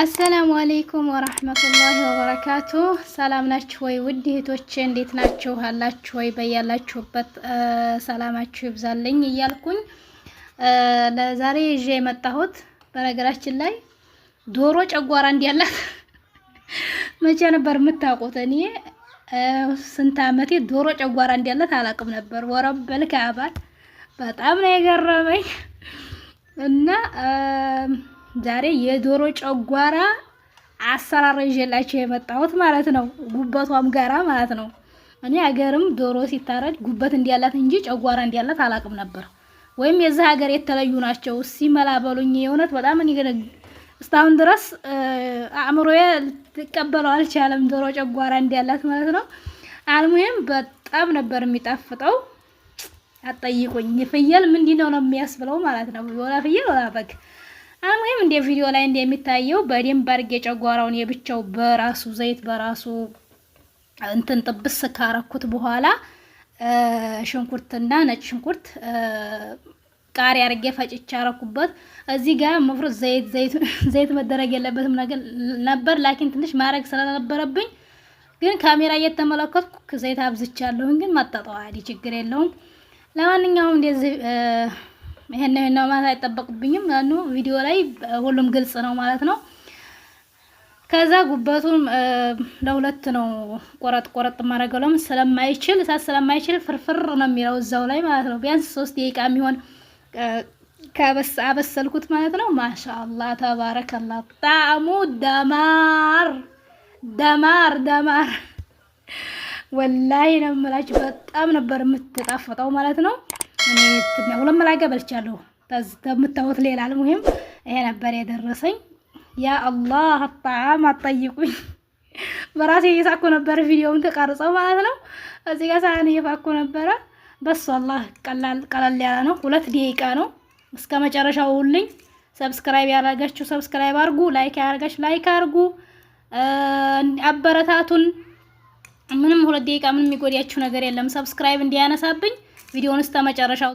አሰላሙ አሌይኩም ወረህመቱላሂ ወበረካቱ። ሰላም ናችሁ ወይ ውድ እህቶቼ፣ እንዴት ናችሁ አላችሁ ወይ? በያላችሁበት ሰላማችሁ ይብዛልኝ እያልኩኝ ለዛሬ ይዤ የመጣሁት በነገራችን ላይ ዶሮ ጨጓራ እንዲያላት መቼ ነበር የምታውቁት? እኔ ስንት አመቴ ዶሮ ጨጓራ እንዲያላት አላውቅም ነበር። ወረበል አባል በጣም ነው የገረመኝ እና ዛሬ የዶሮ ጨጓራ አሰራር ይዤላችሁ የመጣሁት ማለት ነው። ጉበቷም ጋራ ማለት ነው። እኔ ሀገርም ዶሮ ሲታረድ ጉበት እንዲያላት እንጂ ጨጓራ እንዲያላት አላቅም ነበር። ወይም የዚህ ሀገር የተለዩ ናቸው። ሲመላ በሉኝ የእውነት በጣም እኔ እስካሁን ድረስ አእምሮዬ ልትቀበለው አልቻለም። ዶሮ ጨጓራ እንዲያላት ማለት ነው። አልሙሄም በጣም ነበር የሚጣፍጠው። አጠይቁኝ ፍየል ምንድነው ነው የሚያስብለው ማለት ነው። ወላ ፍየል ወላ በግ አልሙሂም እንደ ቪዲዮ ላይ እንደሚታየው በደንብ አድርጌ ጨጓራውን የብቻው በራሱ ዘይት በራሱ እንትን ጥብስ ካረኩት በኋላ ሽንኩርትና ነጭ ሽንኩርት ቃሪ አርጌ ፈጭቻ አረኩበት። እዚህ ጋር መፍሮት ዘይት ዘይት መደረግ የለበትም ነገር ነበር፣ ላኪን ትንሽ ማድረግ ስለነበረብኝ ግን ካሜራ እየተመለከትኩ ዘይት አብዝቻለሁኝ። ግን ማጣጣዋ ችግር የለውም። ለማንኛውም እንደዚህ ይሄን ይሄን ነው ማለት አይጠበቅብኝም። ያኑ ቪዲዮ ላይ ሁሉም ግልጽ ነው ማለት ነው። ከዛ ጉበቱም ለሁለት ነው ቆረጥ ቆረጥ ማረገለም ስለማይችል እሳት ስለማይችል ፍርፍር ነው የሚለው እዛው ላይ ማለት ነው። ቢያንስ ሶስት ደቂቃ የሚሆን ከበስ አበሰልኩት ማለት ነው። ማሻአላ ተባረከላ። ጣዕሙ ደማር ደማር ደማር ወላሂ ነው የምላችሁ። በጣም ነበር የምትጣፍጠው ማለት ነው። እኔ ሁለት መላጋ በልቻለሁ። ተምታወት ሌላ አልሙሂም ይሄ ነበር የደረሰኝ። ያ አላህ አጣም አጠይቁኝ። በራሴ እየሳኩ ነበር ቪዲዮውን ተቀርጸው ማለት ነው። እዚህ ጋር ሳህን እየፋኩ ነበረ። በሱ አላህ ቀላል ቀላል ያለ ነው። ሁለት ደቂቃ ነው። እስከ መጨረሻው ሁልኝ። ሰብስክራይብ ያደረጋችሁ ሰብስክራይብ አርጉ፣ ላይክ ያደረጋችሁ ላይክ አርጉ፣ አበረታቱን። ምንም ሁለት ደቂቃ ምንም የሚጎዳችሁ ነገር የለም። ሰብስክራይብ እንዲያነሳብኝ ቪዲዮውን እስከ መጨረሻው